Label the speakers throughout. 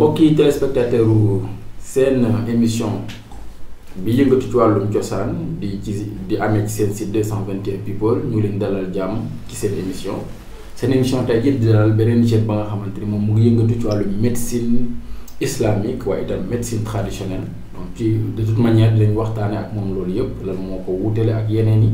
Speaker 1: mbokki téléspectateur seen émission bi yëngatu ci wàllum cosaan di ci di amee ci seen site 221 people ñu leen dalal jàmm ci seen émission seen émission tey jii di dalal beneen chef ba nga xamante ni moom mu yëngatu ci wàllum médecine islamique waaye itam médecine traditionnelle donc ci de toute manière dinañ waxtaane ak moom loolu yëpp lan moo ko wuutale ak yeneen yi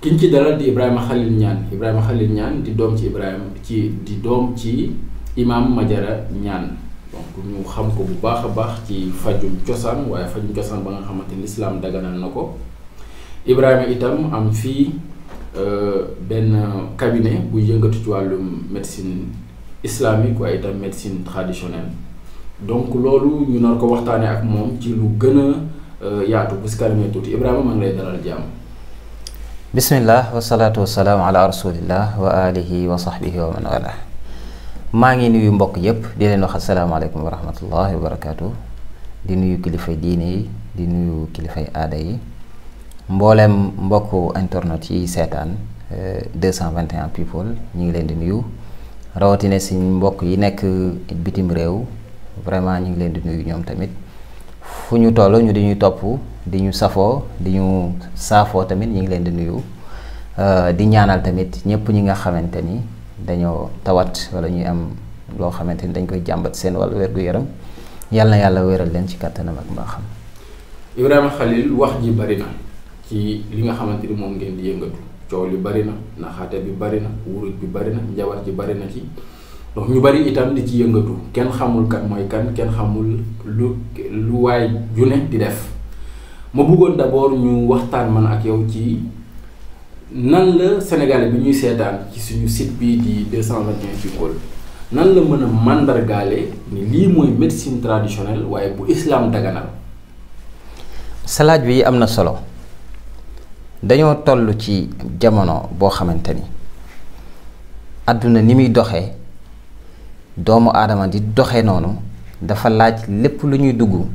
Speaker 1: ki ci dalal di Ibrahima Khalil Niane Ibrahima Khalil Niane di doom ci Ibrahima ci di doom ci imam Madiara Niane donc ñu xam ko bu baax a baax ci fajum cosaan waaye fajum cosaan ba nga xamante ni lislaam daganal na ko Ibrahima itam am fii euh, benn cabinet buy yëngatu ci wàllum médecine islamique waaye itam médecine traditionnelle donc loolu ñu nar ko waxtaanee ak moom ci lu gën a euh, yaatu bu si tuuti Ibrahima maa ngi lay dalal jàmm.
Speaker 2: bismillah wasalaatu wasalaamu ala rasulillah wa alihi maa ngi nuyu mbokk yëpp di leen wax asalaamaaleykum wa rahmatullahi wa barakaatu di nuyu kilifay diine yi di nuyu kilifay aada yi mboolem mbokk internet yi seetaan 221 eh, people ñu ngi leen di nuyu rawatina si mbokk yi nekk bitim réew vraiment ñu ngi leen di nuyu ñoom tamit fu ñu toll ñu di ñu topp di ñu safoo di ñu saafoo tamit ñu ngi leen di nuyu eh, di ñaanal tamit ñëpp ñi nga xamante ni. dañoo tawat wala ñuy am loo xamante ni dañ koy jàmbat seen wàllu wér-gu-yaram yàlla na yàlla wéral leen ci kàttanam ak mbaaxam.
Speaker 1: Ibrahima Khalil wax ji bari ci li nga xamante ni moom ngeen di yëngatu coow li bari na naxaate bi bari na wuruj bi bari na njabar ji bari na ci donc ñu bari itam di ci yëngatu kenn xamul kat mooy kan kenn xamul lu lu waay ju ne di def ma bëggoon d'abord ñu waxtaan man ak yow ci. nan la sénégalais bi ñuy seetaan ci suñu site bii di nan la mën a màndargaale ni lii mooy médecine traditionnelle waaye bu islaam
Speaker 2: daganal salaaj laaj bi am na solo dañoo toll ci jamono boo xamante ni àdduna ni muy doxee doomu aadama di doxee noonu dafa laaj lépp lu ñuy dugg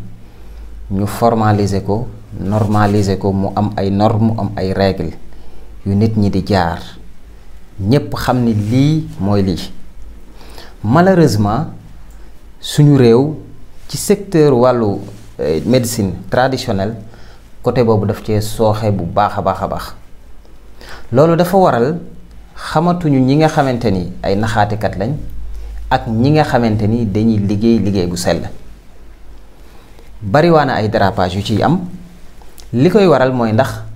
Speaker 2: ñu formaliser ko normaliser ko mu am ay normes mu am ay règles yu nit ñi di jaar ñépp xam ni lii mooy lii malheureusement suñu réew ci secteur wàllu eh, médecine traditionnelle côté boobu daf cee sooxee bu baax a baax a baax loolu dafa waral xamatuñu ñi nga xamante ni ay naxaatikat lañ ak ñi nga xamante ni dañuy liggéey liggéey bu sell bariwaana ay dérapage yu ciy am li koy waral mooy ndax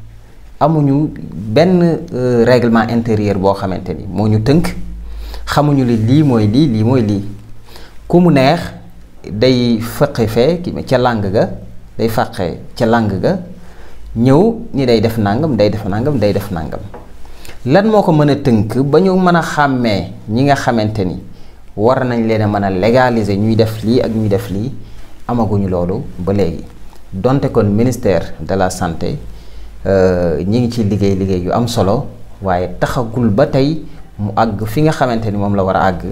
Speaker 2: amuñu benn euh, réglement intérieur boo xamante ni moo ñu tënk xamuñu li lii mooy lii lii mooy lii ku mu neex day faqe fee ca làng ga day faqe ca làng ga ñëw ni day def nangam day def nangam day def nangam lan moo ko mën a tënk ba ñu mën a xàmmee ñi nga xamante ni war nañ leen mën a légaliser ñuy def lii ak ñuy def lii amaguñu loolu ba léegi donte kon ministère de la santé Euh, ñi ngi ci liggéey liggéey yu am solo waaye taxagul ba tey mu àgg fi nga xamante ni moom la war a àgg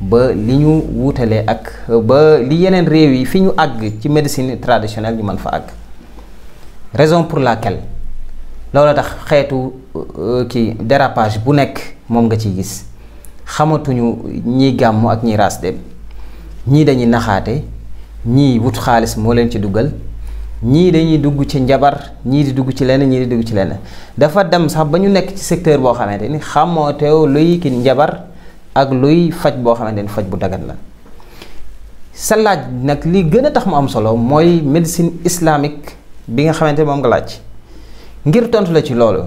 Speaker 2: ba li ñu wuutalee ak ba li yeneen réew yi fi ñu àgg ci médecine traditionnelle ñu mën fa àgg raison pour la kel loola tax xeetu euh, kii dérapage bu nekk moom nga ci gis xamatuñu ñiy gàmm ak ñi rasté dem ñii dañuy naxaate ñii wut xaalis moo leen ci dugal ñii dañuy dugg ci njabar ñii di dugg ci leneen ñii di dugg ci leneen dafa dem sax ba ñu nekk ci secteur boo xamante ni xamootew luy ki njabar ak luy faj boo xamante ni faj bu dagat la sa laaj nag li gën a tax mu am solo mooy médecine islamique bi nga xamante moom nga laaj ngir tontu la ci loolu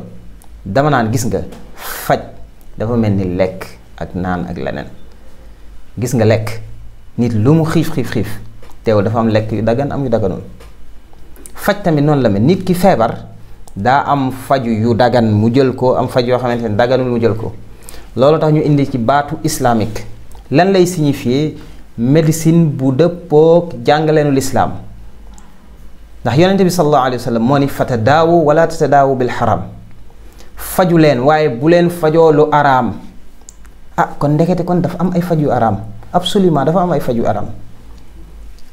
Speaker 2: dama naan gis nga faj dafa mel ni lekk ak naan ak leneen gis nga lekk nit lu mu xiif xiif xiif teew dafa am lekk yu daggan am yu daganul faj tamit noonu la mel nit ki feebar daa am faju yu dagan mu jël ko am faj yoo xamante ne daganul mu jël ko loolu tax ñu indi ci baatu islamique lan lay signifier médecine bu dëppook leenu lislaam ndax yonente bi sallallahu alayhi wa sallam moo ni fatadaawu wala tatadaawu bil xaram faju leen waaye bu leen fajoo araam ah kon ndekete kon dafa am ay faj yu araam ab absolument dafa am ay faj yu araam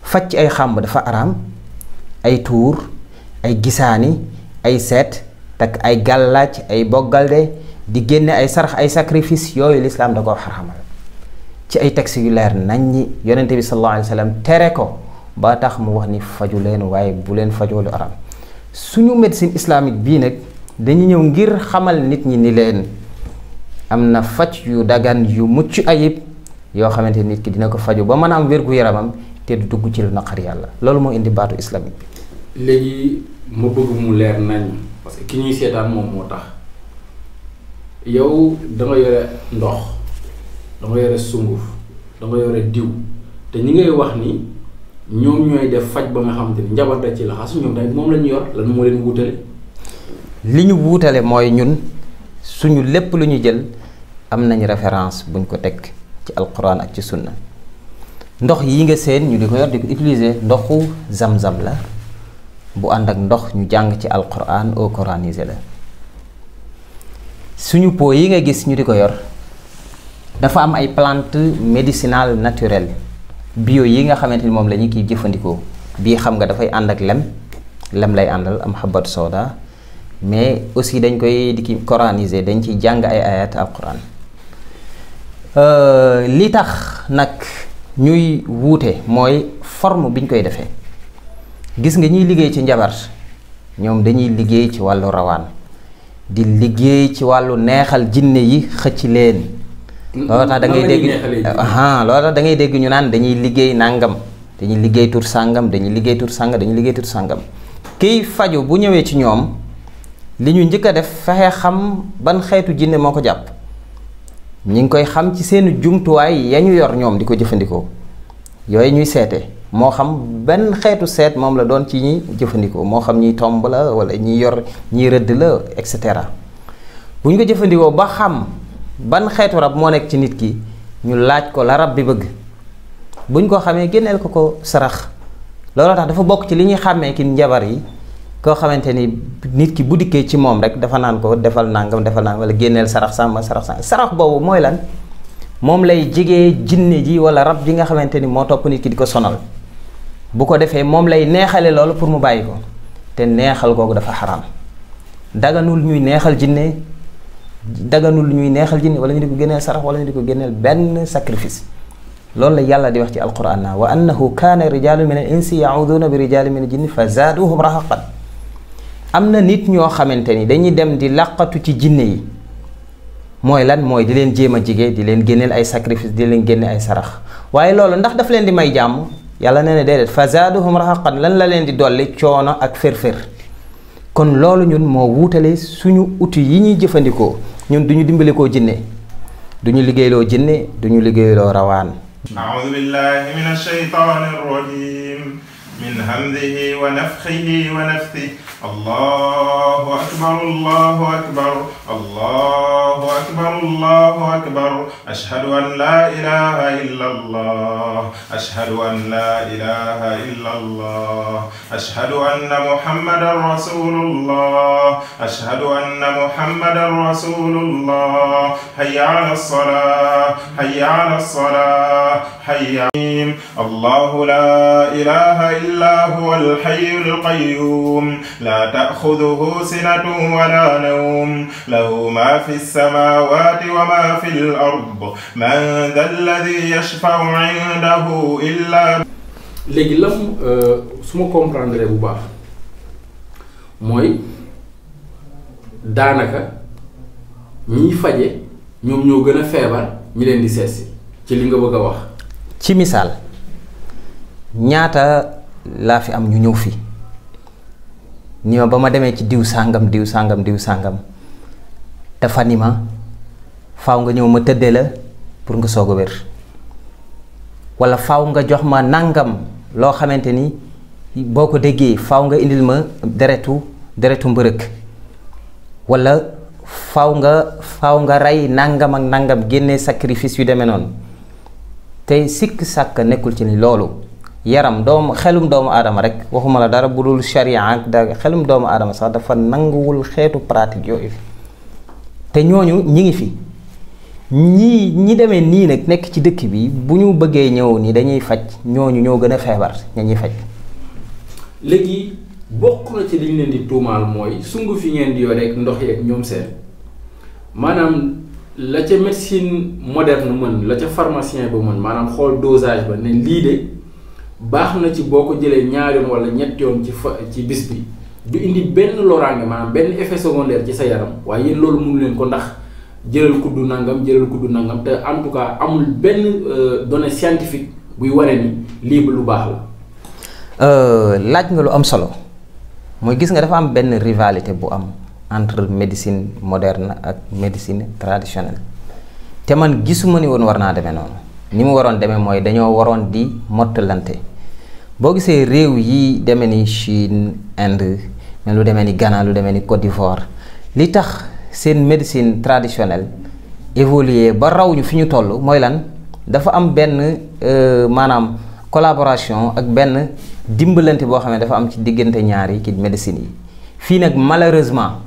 Speaker 2: faj ci ay xàmb dafa araam ay tuur ay gisaani ay seet takk ay gàllaaj ay boggalde di génne ay sarax ay sacrifice yooyu lislaam da ko xaramal ci ay textes yu leer ñi yonente bi sallallahu alayhi wa sallam tere ko ba tax mu wax ni faju leen waaye bu leen fajoo lu araam suñu médecine islamique bii nag dañu ñëw ngir xamal nit ñi ni leen am na faj yu dagan yu mucc ayib yoo xamante nit ki dina ko faju ba mën a am wér yaramam te du dugg ci lu naqar yàlla loolu moo indi baatu islamique bi.
Speaker 1: léegi ma bëgg mu leer nañ parce que ki ñuy seetaan moom moo tax yow da yore ndox da yore sunguf da nga yore diw te ñi ngay wax ni ñoom ñooy def faj ba nga xamante ni njabarta ci laxas ñoom tamit moom lañu yor lan moo leen wuutale.
Speaker 2: li ñu wuutale mooy ñun suñu lépp lu ñu jël am nañ référence buñ ko teg ci alquran ak ci sunna. ndox yi nga seen ñu di ko yor di ko utiliser ndoxu zam-zam la bu ànd ak ndox ñu jàng ci alquran au coranisé la suñu pot yi nga gis ñu di ko yor dafa am ay plante médicinale naturelle bio yi nga xamante ni moom la ñu kiy jëfandikoo bii xam nga dafay ànd ak lem lem lay àndal am xabatu sooda mais aussi dañ koy di ki coraniser dañ ciy jàng ay ayat alquran euh, li tax nag ñuy wuute mooy forme bi ñu koy defee gis nga ñuy liggéey ci njabar ñoom dañuy liggéey ci wàllu rawaan di liggéey ci wàllu neexal jinne yi xëcc leen looloo tax da ngay dégg da ngay dégg ñu naan dañuy liggéey nàngam dañuy liggéey tur sàngam dañuy liggéey tur sàngam dañuy liggéey tur sàngam kiy faju bu ñëwee ci ñoom li ñu njëkk a def fexe xam ban xeetu jinne moo ko jàpp ñu ngi koy xam ci seen jumtuwaay ya ñu yor ñoom di ko jëfandikoo yooyu ñuy seete moo xam benn xeetu seet moom la doon ci ñi jëfandikoo moo xam ñiy tomb la wala ñiy yor ñiy rëdd la et cetera bu ñu ko jëfandikoo ba xam ban xeetu rab moo nekk ci nit ki ñu laaj ko la rab bi bëgg bu ñu ko xamee génneel ko ko sarax looloo tax dafa bokk ci li ñuy xàmmee ki njabar yi koo xamante ni nit ki bu dikkee ci moom rek dafa naan ko defal nangam defal nangam wala génneel sarax sàmma sarax sàmm sarax boobu mooy lan moom lay jege jinne ji wala rab ji nga xamante ni moo topp nit ki di ko sonal bu ko defee moom lay neexale loolu pour mu bàyyi ko te neexal googu dafa xaraam daganul ñuy neexal jinne daganul ñuy neexal jinne wala ñu di ko génneel sarax wala ñu di ko génneel benn sacrifice loolu la yàlla di wax ci alquran naa wa annahu kaana rijaalun min al insi yauduna bi rijaalin min al jinni fa zaaduhum rahaqan am na nit ñoo xamante ni dañuy dem di làqatu ci jinne yi mooy lan mooy di leen jéem a jige di leen génneel ay sacrifice di leen génne ay sarax waaye loolu ndax daf leen di may jàmm yàlla nee na déedéet fazaaduhum rahaqan lan la leen di dolli coono ak fër-fër kon loolu ñun moo wuutale suñu uti yi ñuy jëfandikoo ñun duñu dimbalikoo jinne duñu liggéeyloo jinne duñu liggéeyloo rawaan.
Speaker 1: a'uuzu billaahi mina shaytaani rajiim من همزه ونفخه ونفثه الله أكبر الله أكبر الله أكبر الله أكبر أشهد أن لا إله إلا الله أشهد أن لا إله إلا الله أشهد أن محمدا رسول الله أشهد أن محمدا رسول الله حي على الصلاة حي على الصلاة حي الله لا إله إلا la هو الحي القيوم لا تأخذه سنة ولا نوم له ما في السماوات وما في الأرض من léegi lam euh, su ma comprendre bu baax mooy daanaka ñiy faje ñoom ñoo gën a feebar ñi leen di seesi ci li nga bëgg a wax
Speaker 2: ci misaal ñaata laa fi am ñu ñëw fi ni ma ba ma demee ci diw sàngam diw sàngam diw sàngam dafa ni ma faaw nga ñëw ma tëddee la pour nga soog a wér walla faw nga jox ma nàngam loo xamante ni boo ko déggee faw nga indil ma deretu deretu mbërëg walla faw nga faw nga rey nàngam ak nàngam génne sacrifice yu demee noonu tey sikk sàkk nekkul ci ni loolu yaram doomu xelum doomu aadama rek waxuma la dara bu dul charia ak da xelum doomu adama sax dafa nanguwul xeetu pratique yooyu te ñooñu ñi ngi fi ñi ñi demee nii nag nekk ci dëkk bi bu ñu bëggee ñëw nii dañuy faj ñooñu ñoo gën a feebar ñañuy faj
Speaker 1: léegi bokk na ci liñ leen di tuumaal mooy sungu fi ngeen di yore ak ndox yeeg ñoom seen maanaam la ca médecine moderne mën la ca pharmacien ba mën maanaam xool dosage ba ne lii de baax na ci boo ko jëlee ñaar walla wala ñett ci fa ci bis bi du indi benn loraange maanaam benn effet secondaire ci sa yaram waaye yéen loolu mënu leen ko ndax jëlal kuddu nangam jëlal kuddu nangam te en tout cas amul benn euh, donnée scientifique buy waree ni lii lu baax la.
Speaker 2: Euh, laaj nga lu am solo mooy gis nga dafa am benn rivalité bu am entre médecine moderne ak médecine traditionnelle te man gisuma ni woon war naa demee noonu. ni mu waroon demee mooy dañoo waroon di mottalante boo gisee réew yi demee ni Chine Inde lu demee ni Ghana lu demee ni Côte d'Ivoire li tax seen médecine traditionnelle évoluer ba raw ñu fi ñu toll mooy lan dafa am benn euh, maanaam collaboration ak benn dimbalante boo xam ne dafa am ci diggante ñaari ki médecine yi fii nag malheureusement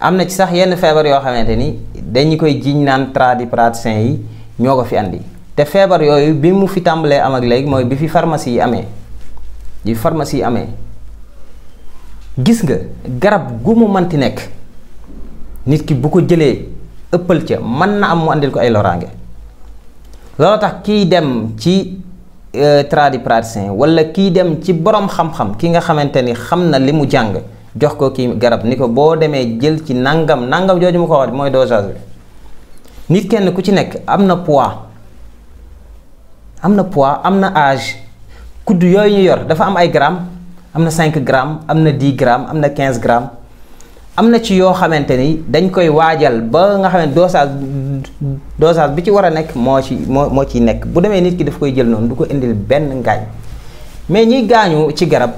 Speaker 2: am na ci sax yenn feebar yoo xamante ni dañu koy jiñ naan tradipraticiens yi ñoo ko fi andi. te feebar yooyu bi mu fi tàmbalee am ak léegi mooy bi fi pharmacie yi amee bi pharmacie yi amee gis nga garab gu mu manti nekk nit ki bu ko jëlee ëppal ca mën na am mu andil ko ay loraange loolu tax kiy dem ci euh, tradipraticien wala kiy dem ci borom xam-xam ki nga xamante ni xam na li mu jàng jox ko kii garab ni ko boo demee jël ci nangam nangam jooju mu ko wax mooy dosage bi nit kenn ku ci nekk am na poids. am na poids am na âge kudd yooyu ñu yor dafa am ay grammes am na cinq gramme am na 10 gramme am na quinze grammes am na ci yoo xamante ni dañ koy waajal ba nga xam ne dosage bi ci war a nekk moo ci moo moo ci nekk bu demee nit ki daf koy jël noonu du ko indil benn ngaañ mais ñiy gaañu ci garab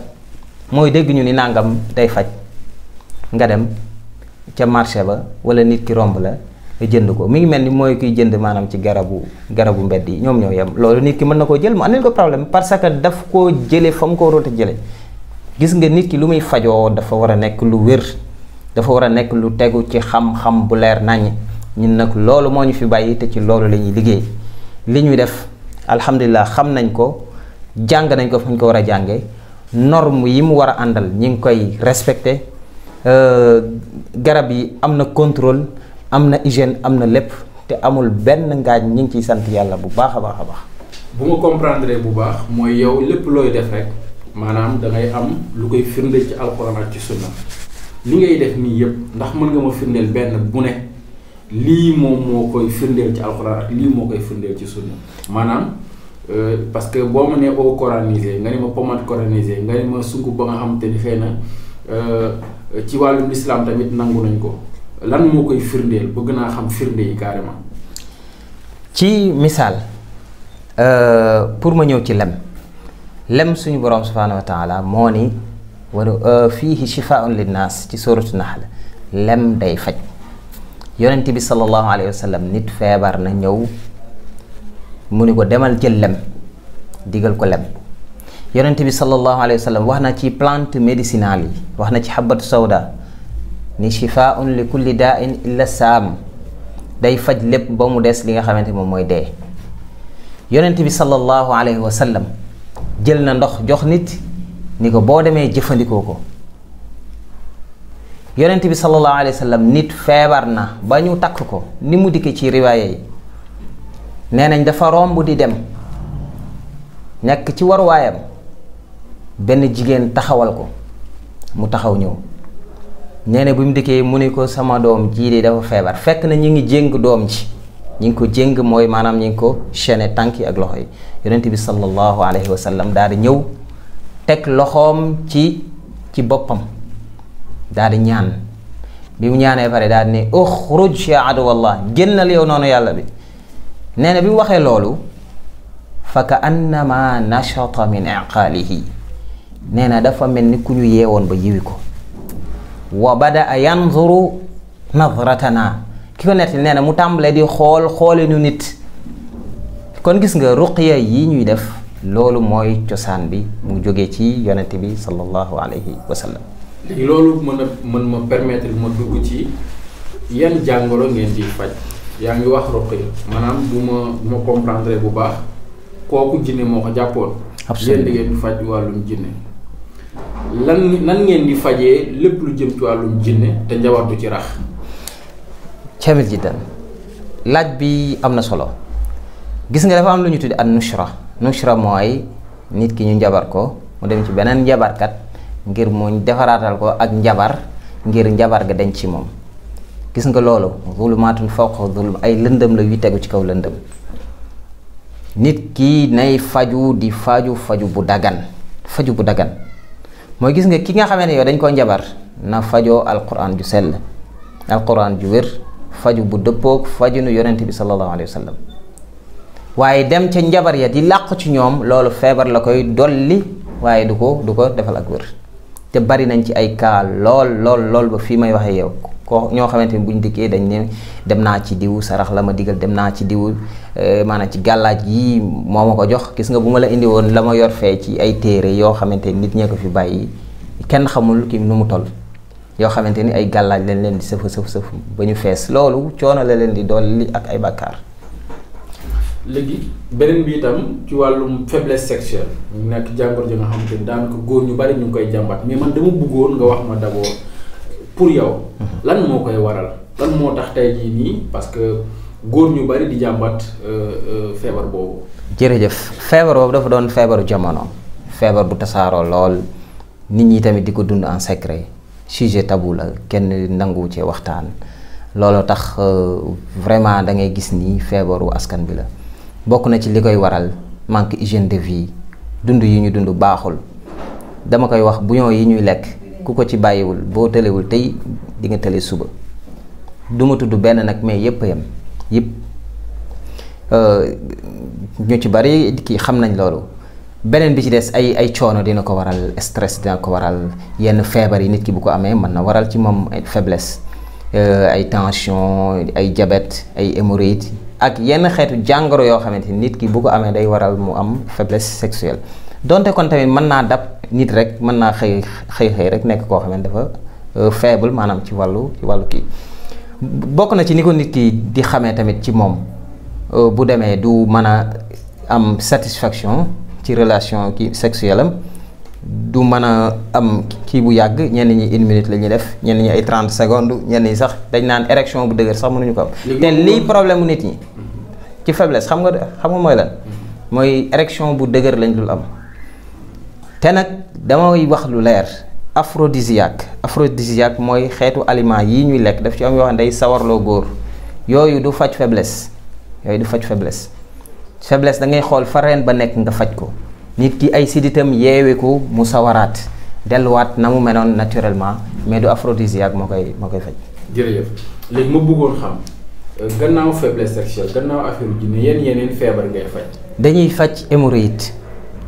Speaker 2: mooy dégg ñu ni nangam day faj nga dem ca marché ba walla nit ki romb la. jënd ko mi ngi mel ni mooy kuy jënd maanaam ci garabu garabu mbedd yi ñoom ñoo yem loolu nit ki mën na koo jël mu andil ko problème parce que daf koo jële fa mu ko waroon a jële gis nga nit ki lu muy fajoo dafa war a nekk lu wér dafa war a nekk lu tegu ci xam-xam bu leer naññ ñun nag loolu moo ñu fi bàyyi te ci loolu la ñuy liggéey li ñuy def alhamdulilah xam nañ ko jàng nañ ko fu ñu ko war a jànge norme yi mu war a àndal ñu ngi koy respecté euh, garab yi am na contrôle. am na hygiène am na lépp te amul benn ngaañ ñu ngi ciy sant yàlla bu baax a baax a baax.
Speaker 1: bu ma comprendre bu baax mooy yow lépp looy def rek maanaam dangay am lu koy firndeel ci alxuraan ak ci sunna li ngay def nii yëpp ndax mën nga ma firndeel benn bu ne lii moom moo koy firndeel ci alxuraan ak lii moo koy firndeel ci sunna maanaam. Euh, parce que boo ma nee eau nga ne ma pommade coranisée nga ne ma sunguf ba nga xamante ni xëy na euh, ci wàllum islam tamit nangu ko lan moo koy firndeel bëgg naa xam firnde yi carrément.
Speaker 2: ci misaal euh, pour ma ñëw ci lem lem suñu borom subhaanahu wa taala moo ni wala euh, fiihi shifaa'un linnaas ci suuratu nahl lem day faj yonent bi sallallahu alayhi wa nit feebar na ñëw mu ni ko demal jël lem digal ko lem. yonent bi sallallahu alayhi wa wax na ci plante médicinale yi wax na ci xabatu sawda. ni shifaun li kulli daa illa saam day faj lépp ba mu des li nga xamante moom mooy dee yonent bi sallallahu alayhi wa sallam jël na ndox jox nit ni ko boo demee jëfandikoo ko yonent bi sallallahu alayhi wa nit feebar na ba ñu takk ko ni mu dikkee ci riwaaye yi nee nañ dafa romb di dem nekk ci waruwaayam benn jigéen taxawal ko mu taxaw ñëw nee bi mu dikkee mu ni ko sama doom jii de dafa feebar fekk na ñu ngi jéng doom ji ñu ngi ko jéng mooy maanaam ñu ngi ko chaîné tànk yi ak loxo yi yonent bi sallallahu alayhi wa sallam daal di ñëw teg loxoom ci ci boppam daal ñaan bi mu ñaanee pare daal di ne uxruj ya aduwallah génnal yow noonu yàlla bi nee na bi mu waxee loolu fa ka annama nachata min iqaalihi nee dafa mel ni ku ñu yeewoon ba yiwi ko wa bada a yanzuru nazratana ki ko nettali nee na mu tàmbalee di xool xoolinu nit kon gis nga ruqya yi ñuy def loolu mooy cosaan bi mu jógee ci yonent bi sallallahu alayhi wa sallam
Speaker 1: léegi loolu mën a mën ma permettre ma dugg ci yan jàngoro ngeen ciy faj yaa ngi wax ruqya maanaam bu ma bu comprendre bu baax kooku jinne moo ko jàppoon absolument yéen di faj wàllum jinne lan nan ngeen di fajee lépp lu jëm ci wàllum jinne te njabar du ci rax
Speaker 2: jamil jiddan laaj bi am na solo gis nga dafa am lu ñu tuddi an nushra nushra mooy nit ki ñu njabar ko mu dem ci beneen njabarkat ngir mu defaraatal ko ak njabar ngir njabar ga dañ ci moom gis nga loolu zulumaatun fawqa zulum ay lëndëm la yuy tegu ci kaw lëndëm nit ki nay faju di faju faju bu dagan faju bu dagan mooy gis nga ki nga xamee ne yow dañ koo njabar na fajoo alquran ju sell alquran ju wér faju bu dëppoog nu yonent bi sallallahu alayhi wa waaye dem ca njabar ya di làqu ci ñoom loolu feebar la koy dolli waaye du ko du ko defal ak wér te bari nañ ci ay kaa lool lool lool ba fii may waxee yow koo ñoo xamante ni buñ dikkee dañ ne dem naa ci diw sarax la ma digal dem naa ci diw euh, maanaam ci gàllaaj yi moo ma ko jox gis nga bu ma la indi woon la ma yor fee ci ay téere yoo xamante nit ñee ko fi bàyyi kenn xamul ki nu mu toll yoo xamante ni ay gàllaaj lañ leen di sëf sëf sëf ba ñu fees loolu coono la leen di dolli ak ay bàkkaar
Speaker 1: léegi beneen bi itam ci wàllum faiblesse sexuelle nekk jàngoro ji nga xamante ni daanaka góor ñu bari ñu ngi koy jàmbat mais pour yow lan moo koy waral lan moo tax tey nii parce que góor ñu bari di jàmbat euh, euh, feebar boobu.
Speaker 2: jërëjëf feebar boobu dafa doon feebaru jamono feebar bu tasaaroo lool nit ñi tamit di ko dund en secret sujet tabou la kenn nangu ci waxtaan loolu tax euh, vraiment da ngay gis ni feebaru askan bi la bokk na ci li koy waral manque hygiène de vie dund yi ñu dund baaxul dama koy wax bouillon yi ñuy lekk. ku ko ci bàyyiwul boo tëlewul tey di nga tële suba du ma tudd benn nag mais yëpp yam yëpp euh, ñu ci bari kii xam nañ loolu beneen bi ci des ay ay coono dina ko waral stress dina ko waral yenn feebar yi nit ki bu ko amee mën na waral ci moom ay faiblesse euh, ay tension ay diabète ay hémorroïdes ak yenn xeetu jàngoro yoo xamante ni nit ki bu ko amee day waral mu am faiblesse sexuelle donte kon tamit mën naa dab nit rek mën naa xëy xëy xëy rek nekk koo xam ne dafa euh, faible maanaam ci wàllu ci wàllu kii bokk na ci ni ko nit ki di xamee tamit ci moom euh, bu demee du mën a am satisfaction ci relation ki sexuelle du mën a am kii bu yàgg ñenn ñi une minute la ñuy def ñenn ñi ay trente secondes ñenn ñi sax dañ naan érection bu dëgër sax mënuñu ko am. te lii problème mu nit ñi. ci faiblesse xam nga xam nga mooy lan. Mm-hmm. mooy érection bu dëgër lañ dul am. te nag damay wax lu leer aphrodisiaque aphrodisiaque mooy xeetu aliment yi ñuy lekk daf ci am yoo xam ne day sawarloo góor yooyu du faj faiblesse yooyu du faj faiblesse faiblesse da ngay xool fa reen ba nekk nga faj ko nit ki ay siditam yeewe ko mu sawaraat delluwaat na mu meloon naturellement mais du aphrodisiaque moo koy moo koy faj.
Speaker 1: jërëjëf léegi ma bëggoon xam gannaaw faiblesse sexuelle gannaaw affaire jinne yenn yeneen feebar ngay faj.
Speaker 2: dañuy faj hémorroïde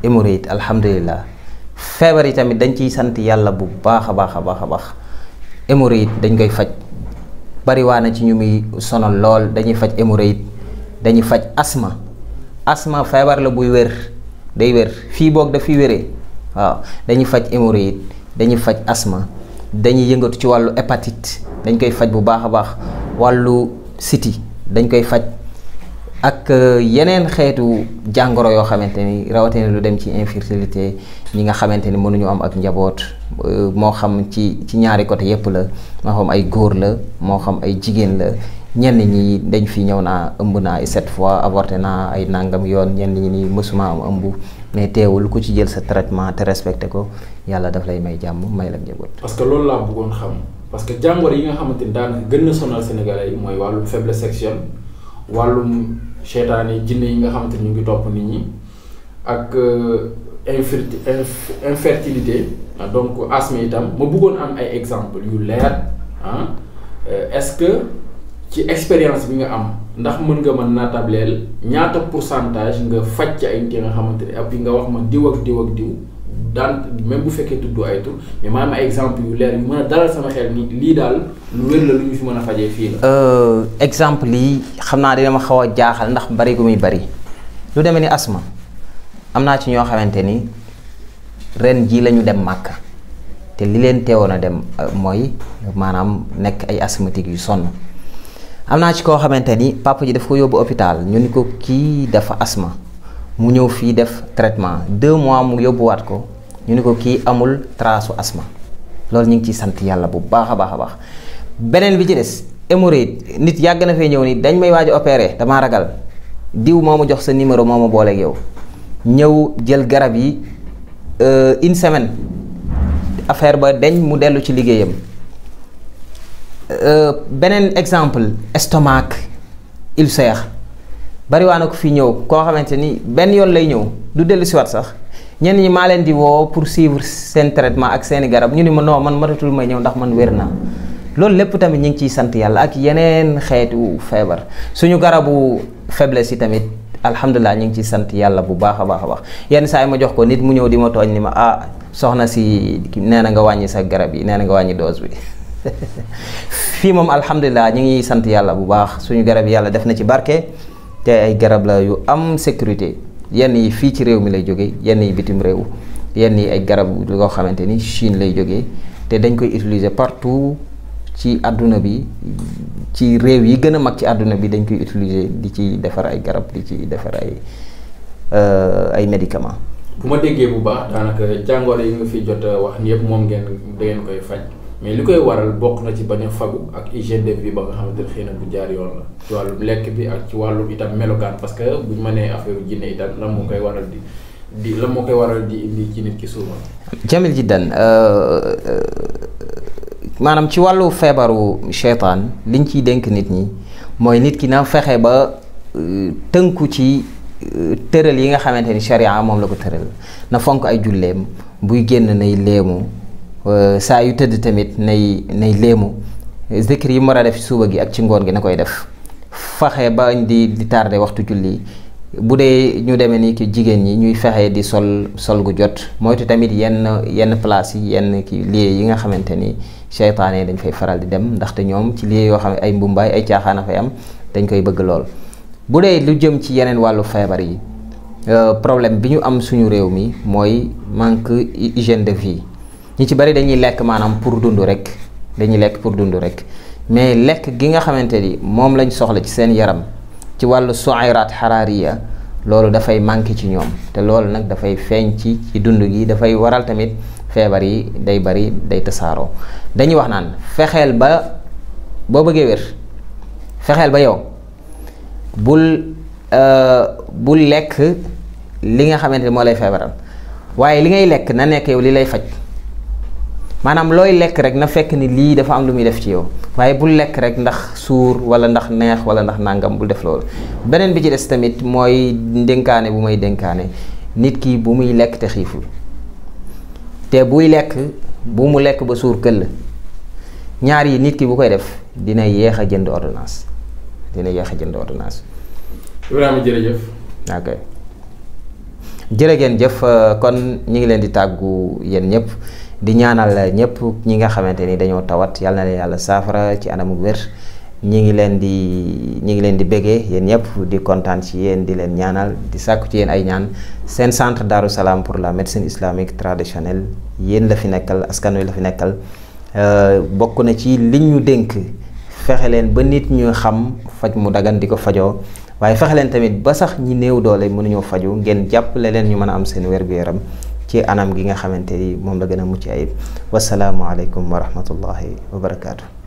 Speaker 2: hémorroïde alhamdulilah. feebar yi tamit dañ ciy sant yàlla bu baax a baax a baax a baax dañ koy faj bari waa na ci ñu muy sonal lool dañuy faj hémorroïde dañuy faj asma asma feebar la buy wér day wér fii boog dafiy wéree waaw dañuy faj hémorroïde dañuy faj asma dañuy yëngatu ci wàllu hépatite dañ koy faj bu baax a baax wàllu siti dañ koy faj ak euh, yeneen xeetu jàngoro yoo xamante ni rawatina lu dem ci infertilité ñi nga xamante ni mënuñu am ak njaboot euh, moo xam ci ci ñaari côté yépp la moo xam ay góor la moo xam ay jigéen la ñenn ñi dañ fi ñëw naa ëmb naa sept fois avorté naa ay nangam yoon ñenn ñi ni mësuma am ëmb mais teewul ku ci jël sa traitement te respecté ko yàlla daf lay may jàmm may la njaboot.
Speaker 1: parce que loolu laa bëggoon xam parce que jàngoro yi nga xamante daanaka gën na sonal mooy wàllu faiblesse sexuelle. wàllum seytaane yi jinne yi nga xamante ni ñu ngi topp nit ñi ak euh, infirti infertilité ah, donc asthme itam ma bëggoon am ay exemple yu leer ah euh, est-ce que ci expérience bi nga am ndax mën nga mën naa tableel ñaata pourcentage nga faj ci ay nga xamante ne ab bi nga wax ma diw ak diw ak diw daan même bu fekkee tudd ay tur mais maanaam ay exemple yu leer yu mën a dalal sama xel ni lii daal lu wér la lu ñu fi mën a fajee fii la.
Speaker 2: Euh, exemple yi xam naa dina ma xaw a jaaxal ndax bari gu muy bari lu demee ni asma am naa ci ñoo xamante ni ren jii lañu dem màkk te li leen teewoon a dem euh, mooy maanaam nekk ay asthmatique yu sonn am naa ci koo xamante ni papa ji daf ko yóbbu hôpital ñu ni ko kii dafa asma. mu ñëw fii def traitement deux mois mu yóbbuwaat ko ñu ni ko kii amul trasu asma loolu ñu ngi ciy sant yàlla bu baax a baax a baax beneen bi ci des hémorroïde nit yàgg na fee ñëw ni dañ may waaj a opéré damaa ragal diw moo mu jox sa numéro moo ma booleeg yow ñëw jël garab yi euh, une semaine affaire ba dañ mu dellu ci liggéeyam euh, beneen exemple estomac ulcère bariwaa na ko fi ñëw koo xamante ni benn yoon lay ñëw du dellu si waat sax ñenn ñi maa leen di woo pour suivre seen traitement ak seeni garab ñu ni ma non man matatul may ñëw ndax man wér naa loolu lépp tamit ñu ngi ciy sant yàlla ak yeneen xeetu feebar suñu garabu faiblesse yi tamit alhamdulilah ñu ngi ciy sant yàlla bu baax a baax a baax yenn saa yi ma jox ko nit mu ñëw di ma tooñ ni ma ah soxna si nee na nga wàññi sa garab yi nee na nga wàññi dose bi fii moom alhamdulilah ñu ngi sant yàlla bu baax suñu garab yàlla def na ci barke. te ay garab la yu am sécurité yenn yi fii ci réew mi lay jógee yenn yi bitim réew yenn yi ay garab yoo xamante ni Chine lay jógee te dañ koy utiliser partout ci àdduna bi ci réew yi gën a mag ci àdduna bi dañ koy utiliser di ci defar ay garab di ci defar ay euh, ay médicament
Speaker 1: bu ma déggee bu baax daanaka jàngoro yi nga fi jot wax ni yëpp moom ngeen da koy faj. mais li koy waral bokk na ci ba a fagu ak hygiène de vie ba nga xamante ne xëy na bu jaar yoon la ci wàllum lekk bi ak ci wàllum itam melokaan parce que buñ mënee affaire jinne itam lan moo koy waral di koy waral di indi ci nit ki souvent.
Speaker 2: jamil ji dan euh, euh, maanaam ci wàllu feebaru seytaan liñ ciy dénk nit ñi mooy nit ki na fexe ba euh, tënku ci tëral yi nga xamante ni charia moom la ko tëral na fonk ay julleem buy génn nay léemu. Euh, saa yu tëdd tamit nay nay léemu zikr yi mu a def ci suba gi ak ci ngoon gi na koy def faxe ba di di tardé waxtu julli bu dee ñu demee ni ki jigéen ñi ñuy fexe di sol sol gu jot moytu tamit yenn yenn place yi yenn ki lie yi nga xamante ni seytaane dañ fay faral di dem ndaxte ñoom ci lie yoo xam ne ay mbumbaay ay caaxaan a fay am dañ koy bëgg lool. bu dee lu jëm ci yeneen wàllu feebar yi euh, problème bi ñu am suñu réew mi mooy manque hygiène de vie. ñi ci bari dañuy lekk maanaam pour dund rek dañuy lekk pour dund rek mais lekk gi nga xamante ni moom lañ soxla ci seen yaram ci wàllu suayrat xaraariya loolu dafay manqué ci ñoom te loolu nag dafay feeñ ci ci dund gi dafay waral tamit feebar yi day bari day tasaaroo dañuy wax naan fexeel ba boo bëggee wér fexeel ba yow bul euh, bul lekk li nga xamante ni moo lay feebaral waaye li ngay lekk na nekk yow li lay faj maanaam looy lekk rek na fekk ni lii dafa am lu muy def ci yow waaye bul lekk rek ndax suur wala ndax neex wala ndax nangam bul def loolu beneen bi ci des tamit mooy dénkaane bu may dénkaane nit ki bu muy lekk te xiiful te buy lekk bu mu lekk ba suur këll ñaar yi nit ki bu koy def dina yéex a jënd ordonnance dina yéex a jënd ordonnance.
Speaker 1: Ibrahima jërëjëf.
Speaker 2: ok jërë ngeen jëf kon ñu ngi leen di tàggu yéen ñëpp. di ñaanal ñëpp ñi nga xamante ni dañoo tawat yàlla na leen yàlla saafara ci anamu wér ñi ngi leen di ñi ngi leen di béggee yéen ñëpp di kontaan ci yéen di leen ñaanal di sàkku ci yéen ay ñaan seen centre Darou Salam pour la médecine islamique traditionnelle yéen la fi nekkal askan wi la fi nekkal euh, bokk na ci li ñu dénk fexe leen ba nit ñu xam faj mu dagan di ko fajoo waaye fexe leen tamit ba sax ñi néew doole mënuñoo faju ngeen jàppale leen ñu mën a am seen wér yaram ci anam gi nga xamante ni moom la gën a mucc ayib wasalaamualeykum wa rahmatullahi wa barakaatu.